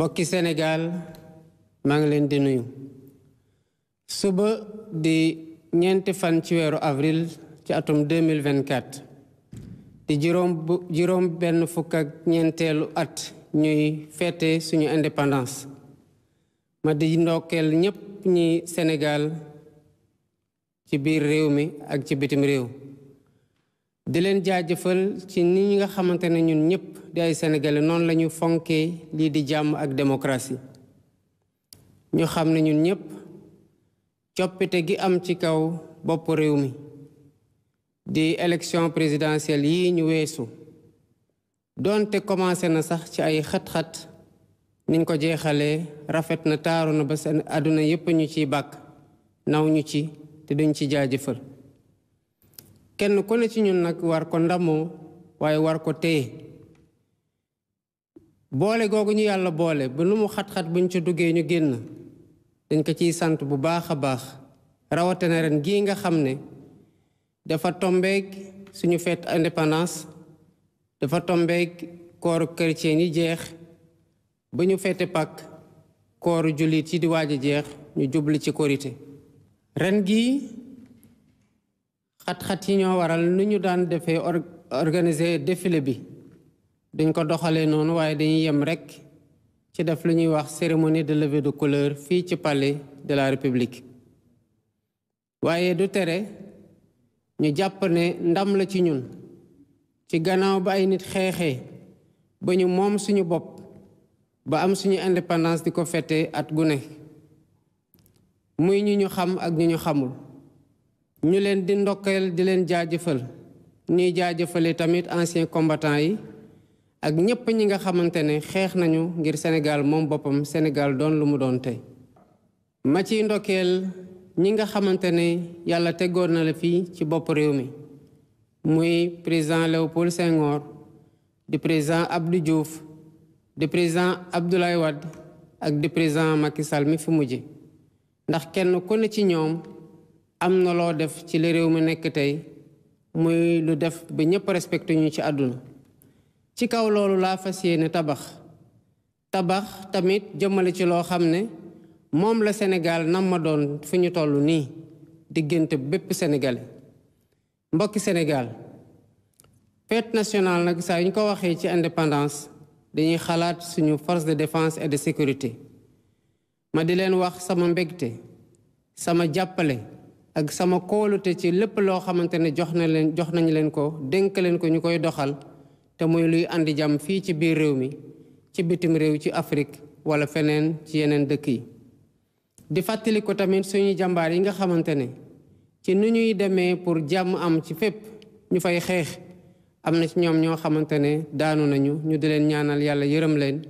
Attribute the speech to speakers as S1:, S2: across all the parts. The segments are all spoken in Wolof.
S1: mbokki Sénégal maa ngi leen di nuyu suba di ñeenti fan ci weeru avril ci atum 2024 di juróom juróom benn fukk ak ñeenteelu at ñuy feete suñu indépendance ma di ndokkeel ñépp ñi Sénégal ci biir réew mi ak ci bitim réew di leen jaajëfal ci ni ñi nga xamante ne ñun ñëpp di ay sénégalais noonu lañu fonkee lii di jàmm ak démocratie ñu xam ne ñun ñëpp coppite gi am ci kaw bopp réew mi di élection présidentielle yi ñu weesu doonte commencé na sax ci ay xat-xat niñ ko jeexalee rafet na taaru na ba seen àdduna yépp ñu ciy bàkk naw ñu ci te duñ ci jaajëfal kenn ku ne ci ñun nag war ko ndamoo waaye war ko téye boole googu ñu yàlla boole ba lu mu xat-xat buñ ca duggee ñu génn dañ ko ciy sant bu baax a baax rawatina ren gii nga xam ne dafa tombeeg suñu fête indépendance dafa tombeeg kooru chrétien yi jeex ba ñu fête Pâques kooru jullit yi di waaj a jeex ñu jubli ci korité ren gii xat-xat yi ñoo waral nu ñu daan defee organiser défilé bi dañ ko doxalee noonu waaye dañuy yem rekk ci def lu ñuy wax cérémonie de levé de couleur fii ci pale de la république waaye du tere ñu jàpp ne ndam la ci ñun ci gannaaw ba ay nit xeexee ba ñu moom suñu bopp ba am suñu indépendance di ko fete at gu muy ñu ñu xam ak ñu ñu xamul ñu leen di ndokkeel di leen jaajëfal ñuy jaajëfale tamit anciens combattants yi ak ñépp ñi nga xamante ne xeex nañu ngir Sénégal moom boppam Sénégal doon lu mu doon tey ma ciy ndokkeel ñi nga xamante ne yàlla tegoon na la fii ci bopp réew mi muy président Léopold Senghor di président Abdou Diouf di président Abdoulaye Wade ak di président Macky Sall mi fi mujj ndax kenn ku ne ci ñoom am na loo def ci li réew mi nekk tey muy lu def ba ñëpp respecté ñu ci àdduna ci kaw loolu laa fas yéene tabax tabax tamit jëmale ci loo xam ne moom la Sénégal nam ma doon fi ñu toll nii diggante bépp sénégalais mbokki Sénégal fête nationale nag saa yu ñu ko waxee ci indépendance dañuy xalaat suñu force de défense et de sécurité ma di leen wax sama mbégte sama jàppale ak sama kóolute ci lépp loo xamante ne jox na leen jox nañ leen ko dénk leen ko ñu koy doxal te muy luy indi jàmm fii ci biir réew mi ci bitim réew ci Afrique wala feneen ci yeneen dëkk yi. di fàttali ko tamit suñu jàmbaar yi nga xamante ne ci nu ñuy demee pour jàmm am ci fépp ñu fay xeex am na ci ñoom ñoo xamante ne daanu nañu ñu di leen ñaanal yàlla yërëm leen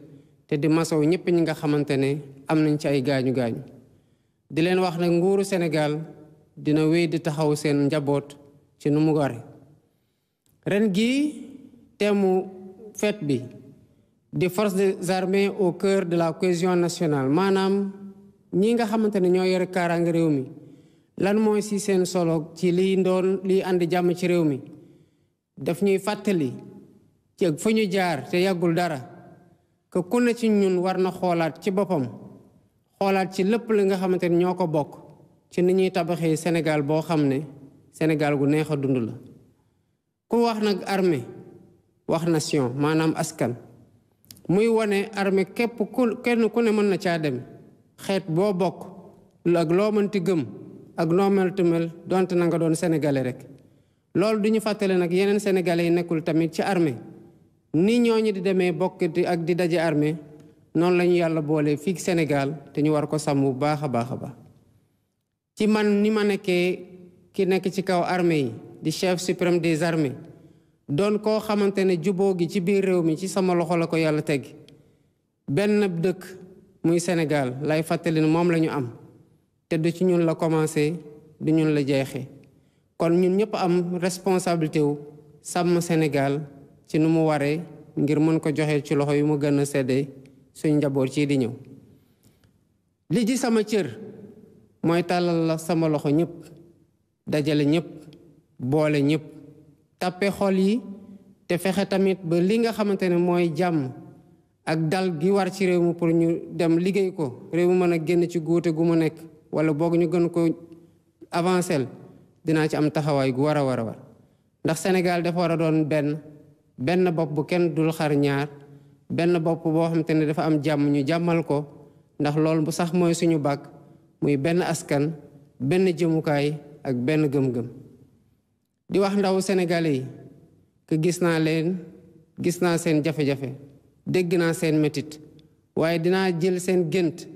S1: te di masow ñëpp ñi nga xamante ne am nañ ci ay gaañu gaañu di leen wax nag nguuru Sénégal. dina wéy di taxaw seen njaboot ci nu mu waree ren gi teemu fête bi di forces des armées au cœur de la cohésion nationale maanaam ñi nga xamante ne ñoo yore kaaraange réew mi lan mooy si seen solo ci liy ndoon liy ànd jàmm ci réew mi daf ñuy fàttali ci fa ñu jaar te yàggul dara que ku ne ci ñun war na xoolaat ci boppam xoolaat ci lépp li nga xamante ni ñoo ko bokk ci ni ñuy tabaxee Sénégal boo xam ne Sénégal gu neex a dund la ku wax nag armée wax nation maanaam askan muy wane armée képp ku kenn ku ne mën na caa dem xeet boo bokk ak loo mënti gëm ak noo meltu mel donte na nga doon sénégalais rek loolu du ñu fàttale nag yeneen sénégalais yi nekkul tamit ci armée ni ñooñu di demee bokk ak di daje armée noonu la ñu yàlla boolee fii Sénégal te ñu war ko sàmm bu baax a baax a baax ci man ni ma nekkee ki nekk ci kaw armée yi di chef suprême des armées doon koo xamante ne juboo gi ci biir réew mi ci sama loxo la ko yàlla teg benn dëkk muy Sénégal lay fàttali moom lañu am te du ci ñun la commencé du ñun la jeexee kon ñun ñëpp am responsabilité wu sàmm Sénégal ci ni mu waree ngir mën ko joxe ci loxo yi mu gën a sedde suñ njaboot ci di ñëw li ji sama cër mooy tàllal la sama loxo ñëpp dajale ñëpp boole ñëpp tàppe xol yi te fexe tamit ba li nga xamante ne mooy jàmm ak dal gi war ci réew mi pour ñu dem liggéey ko réew mi mën a génn ci guute gu mu nekk wala boog ñu gën ko avancel dinaa ci am taxawaay gu war a war a war ndax Sénégal dafa war a doon benn benn bopp bu kenn dul xar ñaar benn bopp boo xamante ne dafa am jàmm ñu jàmmal ko ndax loolu sax mooy suñu bàkk muy benn askan benn jëmukaay ak benn gëm-gëm di wax ndaw senegale yi que gis naa leen gis naa seen jafe-jafe dégg naa seen métit waaye dinaa jël seen gént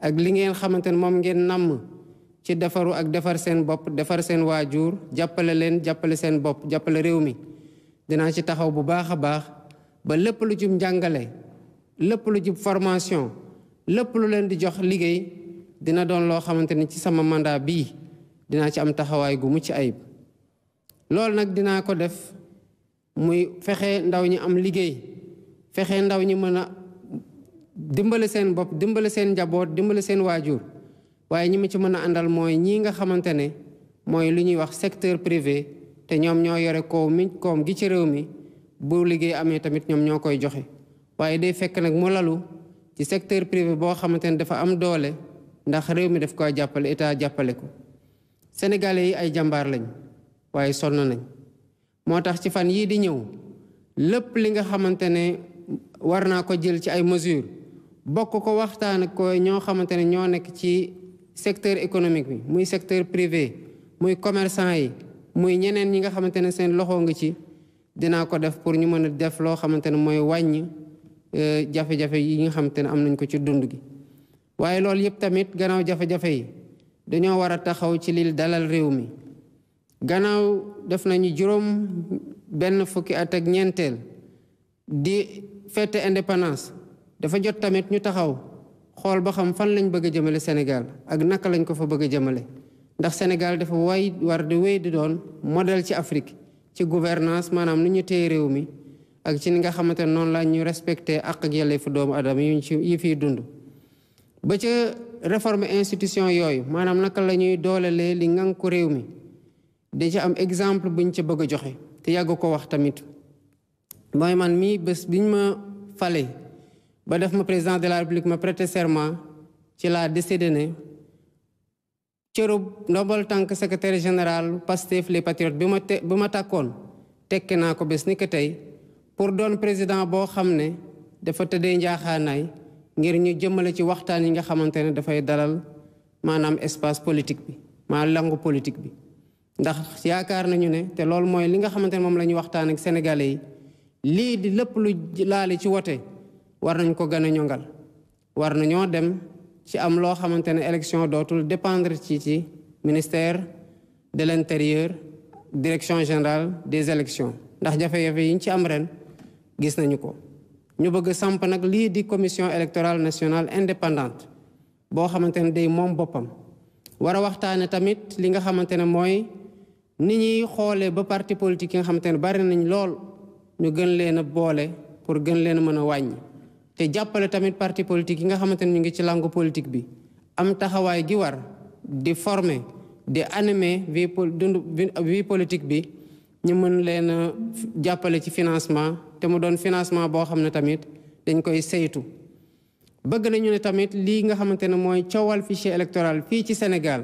S1: ak li ngeen xamante ne moom ngeen namm ci defaru ak defar seen bopp defar seen waajur jàppale leen jàppale seen bopp jàppale réew mi dinaa ci taxaw bu baax a baax ba lépp lu jub njàngale lépp lu jub formation lépp lu leen di jox liggéey dina doon loo xamante ni ci sama mandat bii dinaa ci am taxawaay gu mucc ayib loolu nag dinaa ko def muy fexe ndaw ñi am liggéey fexe ndaw ñi mën a dimbale seen bopp dimbale seen njaboot dimbale seen waajur waaye ñi ma ci mën a àndal mooy ñii nga xamante ne mooy lu ñuy wax secteur privé te ñoom ñoo yore koom mi koom gi ci réew mi bu liggéey amee tamit ñoom ñoo koy joxe waaye day fekk nag mu lalu ci secteur privé boo xamante ne dafa am doole ndax réew mi def ko jàppale état jàppale ko sénégalais yi ay jàmbaar lañ waaye sonn nañ moo tax ci fan yii di ñëw lépp li nga xamante ne war naa ko jël ci ay mesures bokk ko waxtaan ko ñoo xamante ne ñoo nekk ci secteur économique bi muy secteur privé muy commerçant yi muy ñeneen ñi nga xamante ne seen loxo ngi ci dinaa ko def pour ñu mën a def loo xamante ne mooy wàññi euh, jafe-jafe yi nga xamante ne am nañ ko ci dund gi waaye loolu yëpp tamit gannaaw jafe-jafe yi dañoo war a taxaw ci lii dalal réew mi gannaaw def nañu juróom benn fukki at ak ñeenteel di fete indépendance dafa jot tamit ñu taxaw xool ba xam fan lañ bëgg a jëmale Sénégal ak naka lañ ko fa bëgg a jëmale ndax Sénégal dafa way war di wéy di doon modèle ci Afrique ci gouvernance maanaam nu ñu téye réew mi ak ci ni nga xamante noonu la ñu respecté ak ak yelleefu doomu aadama yu ñu ci yi fiy dund ba ca réforme institution yooyu maanaam naka la ñuy doolelee li ngànku réew mi da ci am exemple buñ ci bëgg a joxe te yàgg ko wax tamit mooy man mii bés bi ñu ma fale ba def ma président de la république ma prêter serment ci laa décidé ne cërub ndombal tànk secretaire général Pastef les patriotes bi ma te bi ma tàkkoon tekki naa ko bés ni ko tey pour doon président boo xam ne dafa tëddee njaaxaanaay ngir ñu jëmmale ci waxtaan yi nga xamante ne dafay dalal maanaam espace politique bi maa langu politique bi ndax yaakaar nañu ne te loolu mooy li nga xamante ne moom la ñuy waxtaan ak sénégale yi lii di lépp lu laale ci wote war nañ ko gën a ñongal war nañoo dem ci am loo xamante ne élection dootul dépendre ci ci ministère de l'intérieur direction générale des élections ndax jafe-jafe yi ñu ci am ren gis nañu ko ñu bëgg samp nag lii di commission électorale national indépendante boo xamante ne day moom boppam war a waxtaane tamit li nga xamante ne mooy ni ñuy xoolee ba parti politique yi nga xamante ne bari nañ lool ñu gën leen a boole pour gën leen mën a wàññi te jàppale tamit parti politique yi nga xamante ne ñu ngi ci langue politique bi am taxawaay gi war di former di animer vie dund vie politique bi ñu mën leen a jàppale ci financement te mu doon financement boo xam ne tamit dañ koy saytu bëgg nañu ne tamit lii nga xamante ne mooy coowal fichier électoral fii ci Sénégal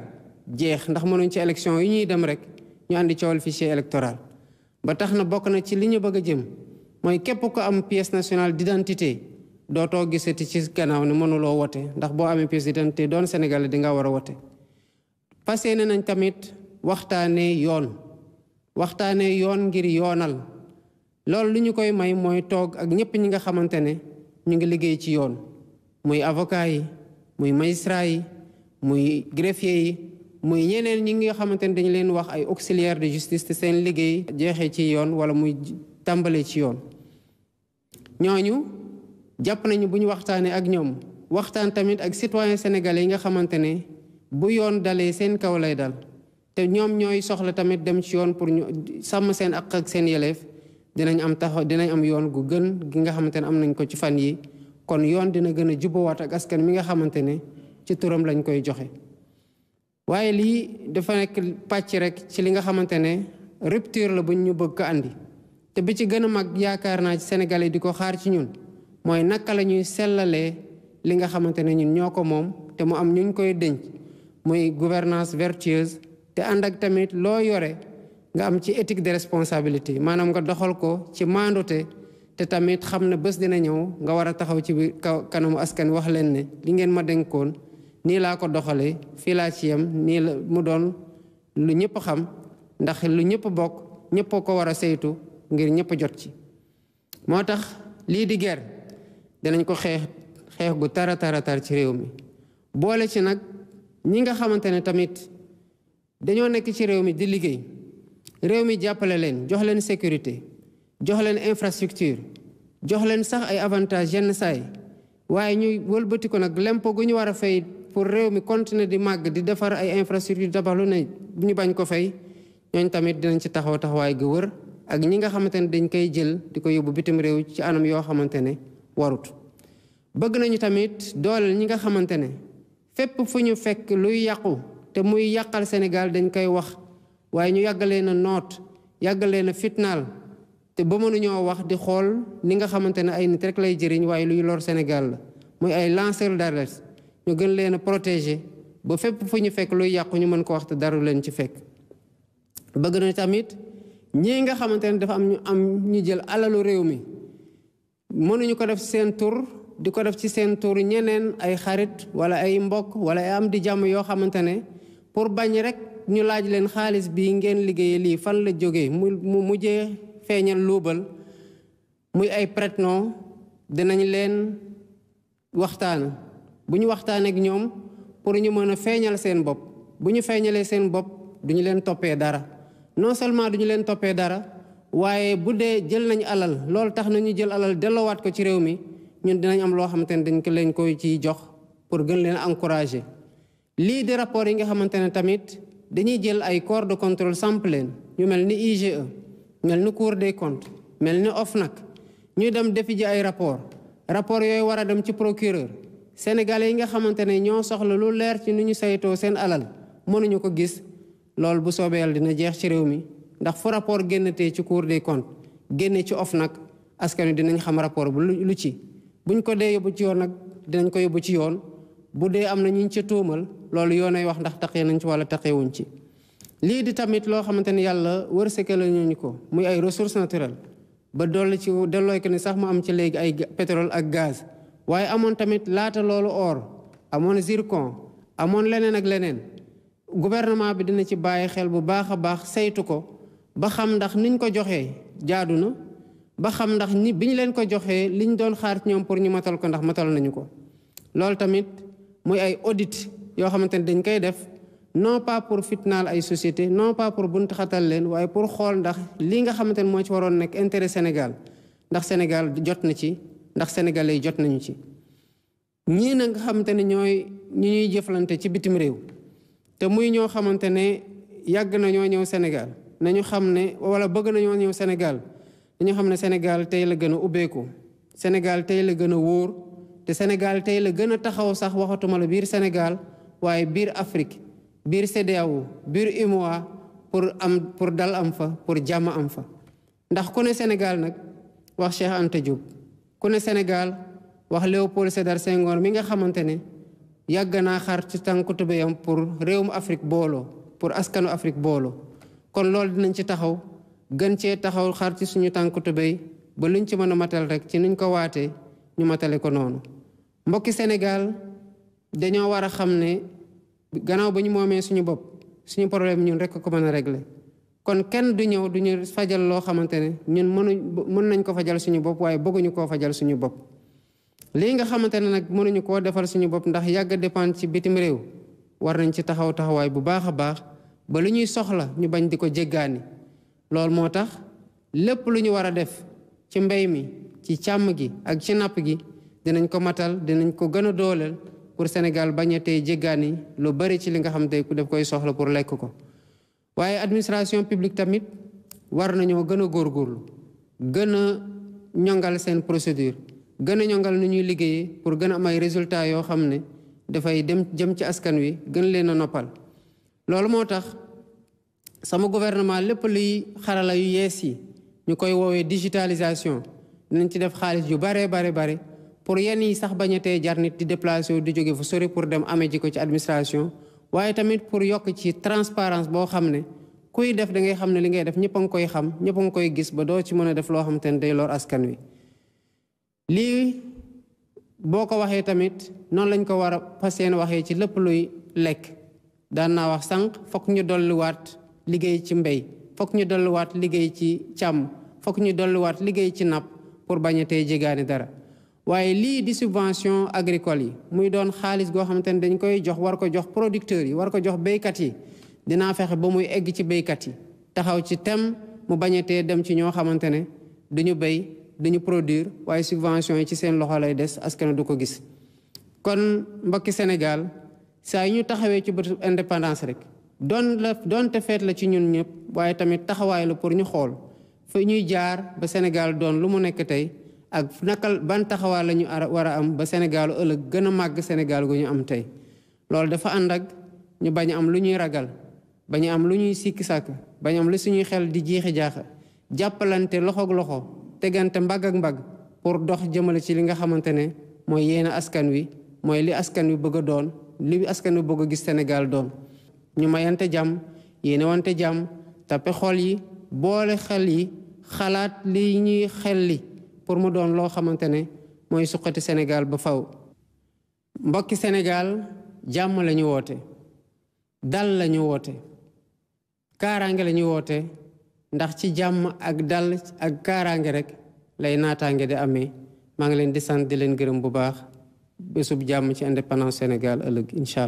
S1: jeex ndax mënuñ ci élection yi ñuy dem rek ñu àndi coowal fichier électoral ba tax na bokk na ci li ñu bëgg a jëm mooy képp ko am pièce nationale d'identité dootoo gisati ci gannaaw ne mënuloo wote ndax boo amee pièce d'identité doon Sénégal di war a wote fas ne nañ tamit waxtaanee yoon waxtaanee yoon ngir yoonal loolu li ñu koy may mooy toog ak ñëpp ñi nga xamante ne ñu ngi liggéey ci yoon muy avocat yi muy magistrat yi muy greffier yi muy ñeneen ñi nga xamante ne dañu leen wax ay auxiliaire de justice te seen liggéey jeexee ci yoon wala muy tàmbalee ci yoon ñooñu jàpp nañu bu ñu waxtaanee ak ñoom waxtaan tamit ak citoyen sénégalais yi nga xamante ne bu yoon dalee seen kaw lay dal te ñoom ñooy soxla tamit dem ci yoon pour ñu sàmm seen ak ak seen yeleef dinañ am taxaw dinañ am yoon gu gën gi nga xamante ne am nañ ko ci fan yi kon yoon dina gën a jubbawaat ak askan mi nga xamante ne ci turam lañ koy joxe waaye lii dafa nekk pàcc rek ci li nga xamante ne rupture la buñ ñu bëgg ko andi te bi ci gën a mag yaakaar naa ci Sénégalais di ko xaar ci ñun mooy naka la ñuy sellalee li nga xamante ne ñun ñoo ko moom te mu am ñu koy dénc muy gouvernance vertueuse te ànd ak tamit loo yore nga am ci étique de responsabilité maanaam nga doxal ko ci maandute te tamit xam ne bés dina ñëw nga war a taxaw ci biir kanamu askan wax leen ne li ngeen ma denkoon nii laa ko doxalee fii laa ci yem nii la mu doon lu ñëpp xam ndax lu ñëpp bokk ñëpp ko war a saytu ngir ñëpp jot ci. moo tax lii di ger dinañ ko xeex xeex gu tara tara tar ci réew mi boole ci nag ñi nga xamante ne tamit dañoo nekk ci réew mi di liggéey. réew mi jàppale leen jox leen sécurité jox leen infrastructure jox leen sax ay avantages yenn saay waaye ñuy wëlbati ko nag lempo gu ñu war a fay pour réew mi continuer di màgg di defar ay infrastructure tabax lu ne ñu bañ ko fay ñooñ tamit dinañ ci taxaw taxawaay gi wër ak ñi nga xamante ne dañ koy jël di ko yóbbu bitim réew ci anam yoo xamante ne warut bëgg nañu tamit dooleel ñi nga xamante ne fépp fu ñu fekk luy yàqu te muy yàqal Sénégal dañ koy wax waaye ñu yàggalee na noot yàggalee na fitnaal te ba mënuñoo wax di xool ni nga xamante ne ay nit rek lay jëriñ waaye luy lor Sénégal la muy ay lanceur d'alerte ñu gën leen a protéger ba fépp fu ñu fekk luy yàqu ñu mën ko wax te daru leen ci fekk bëgg na tamit ñii nga xamante ne dafa am ñu am ñu jël alalu réew mi mënuñu ko def seen tur di ko def ci seen tur ñeneen ay xarit wala ay mbokk wala ay am di jàmm yoo xamante ne pour bañ rek ñu laaj leen xaalis bi ngeen liggéeyee lii fan la jógee mu mu mujjee feeñal luubal muy ay prête-nom dinañ leen waxtaan bu ñu waxtaanee ak ñoom pour ñu mën a feeñal seen bopp bu ñu feeñalee seen bopp duñu leen toppee dara non seulement duñu leen toppee dara waaye bu dee jël nañ alal loolu tax na ñu jël alal delloowaat ko ci réew mi ñun dinañ am loo xamante ne dañ ko leen koy ciy jox pour gën leen encourager lii di rapport yi nga xamante ne tamit dañuy jël ay corps de contrôle samp leen ñu mel ni IGE mel ni Cour de comptes mel ni nag ñuy dem defi ay rapport rapport yooyu war a dem ci procureur sénégalais yi nga xamante ne ñoo soxla lu leer ci nu ñu saytoo seen alal mënuñu ko gis loolu bu soobee dina jeex ci réew mi ndax fu rapport tey ci Cour de comptes génne ci nag askan wi dinañ xam rapport bu lu ci buñ ko dee yóbbu ci yoon nag dinañ ko yóbbu ci yoon bu dee am na ñu ci tuumal loolu yoonay wax ndax taqee nañ ci wala taqeewuñ ci lii di tamit loo xamante ni yàlla wërsëgal nañu ko muy ay ressources naturelles ba dolli ci dellooy ko ni sax mu am ci léegi ay pétrole ak gaz waaye amoon tamit laata loolu or amoon zircon amoon leneen ak leneen gouvernement bi dina ci bàyyi xel bu baax a baax saytu ko ba xam ndax niñ ko joxee jaadu na ba xam ndax ni biñ leen ko joxee liñ doon xaar ñoom pour ñu matal ko ndax matal nañu ko loolu tamit muy ay audit yoo xamante ne dañ koy def non pas pour fitnaal ay société non pas pour bunt xatal leen waaye pour xool ndax lii nga xamante ne mooy ci waroon nekk intérêt Sénégal ndax Sénégal jot na ci ndax sénégalais jot nañu ci ñii na nga xamante ne ñooy ñi ñuy jëflante ci bitim réew te muy ñoo xamante ne yàgg na ñoo ñëw Sénégal nañu xam ne wala bëgg nañoo ñëw Sénégal dañu xam ne Sénégal tey la gën a ubbeeku Sénégal tey la gën a wóor te Sénégal tey la gën a taxaw sax waxatuma la biir Sénégal waaye biir Afrique biir CEDEAO biir UMOA pour am pour dal am fa pour jàmm am fa. ndax ku ne Sénégal nag wax Cheikh Anta Diop ku ne Sénégal wax Léopold Sédar Senghor mi nga xamante ne yàgg naa xar ci tànku tubéyam pour réewum Afrique booloo pour askanu Afrique booloo kon loolu dinañ ci taxaw gën cee taxaw xar ci suñu tànku tubéy ba luñ ci mën a matal rek ci nuñ ko waatee ñu matale ko noonu. mbokki Sénégal dañoo war a xam ne gannaaw ba ñu moomee suñu bopp suñu problème ñun rek ko mën a régler kon kenn du ñëw duñu ñu fajal loo xamante ne ñun mënuñ mën nañ ko fajal suñu bopp waaye bëgguñu koo fajal suñu bopp. lii nga xamante ne nag mënuñu koo defal suñu bopp ndax yàgg dépendre ci bitim réew war nañ ci taxaw taxawaay bu baax a baax ba lu ñuy soxla ñu bañ di ko jéggaani loolu moo tax lépp lu ñu war a def ci mbéy mi ci càmm gi ak ci napp gi. dinañ ko matal dinañ ko gën a dooleel pour Sénégal bañ a tey jéggaani lu bari ci li nga xam te ku daf koy soxla pour lekk ko waaye administration publique tamit war nañoo gën a góorlu gën a ñongal seen procédure gën a ñongal nu ñuy liggéeyee pour gën a am ay yoo xam ne dafay dem jëm ci askan wi gën leen a noppal loolu moo tax sama gouvernement lépp luy xarala yu yees yi ñu koy woowee digitalisation dinañ ci def xaalis yu bare bare bare pour yenn yi sax bañ a tee jar nit di déplacé wu di jóge fu sori pour dem amee ji ko ci administration waaye tamit pour yokk ci transparence boo xam ne kuy def da ngay xam ne li ngay def ñëpp a nga koy xam ñëpp a koy gis ba doo ci mën a def loo xam te ne day lor askan wi lii boo ko waxee tamit noonu lañ ko war a fas waxee ci lépp luy lekk daan naa wax sànq fokk ñu dolliwaat liggéey ci mbéy fokk ñu dolliwaat liggéey ci càmm fokk ñu dolliwaat liggéey ci napp pour bañ a tey jégaani dara waaye lii di subvention agricole yi muy doon xaalis goo xamante ne dañu koy jox war ko jox producteur yi war ko jox béykat yi dinaa fexe ba muy egg ci béykat yi taxaw ci tem mu bañatee dem ci ñoo xamante ne duñu béy duñu produir waaye subvention yi ci seen loxo lay des askan du ko gis kon mbokki Sénégal saa yi ñu taxawee ci bëtu indépendance rek doon la doonte feet la ci ñun ñëpp waaye tamit taxawaay la pour ñu xool fa ñuy jaar ba Sénégal doon lu mu nekk tey ak nakal ban taxawaa la ñu war a am ba Sénégalu ëllëg gën a màgg Sénégal gu ñu am tey loolu dafa ànd ak ñu bañ am lu ñuy ragal bañ am lu ñuy sikki sàkk bañ am lu suñuy xel di jiixi jaaxa jàppalante loxoog loxo tegante mbagg ak mbagg pour dox jëmale ci li nga xamante ne mooy yéene askan wi mooy li askan wi bëgg a doon li askan wi bëgg a gis Sénégal doon ñu mayante jàmm yéene wante jàmm tappe xol yi boole xel yi xalaat li ñuy xel li pour mu doon loo xamante ne mooy suqati Sénégal ba faw mbokki Sénégal jàmm la ñu woote dal la ñu woote kaaraange la ñu woote ndax ci jàmm ak dal ak kaaraange rek lay naataange di amee maa ngi leen di sant di leen gërëm bu baax bésub jàmm ci indépendance Sénégal ëllëg incha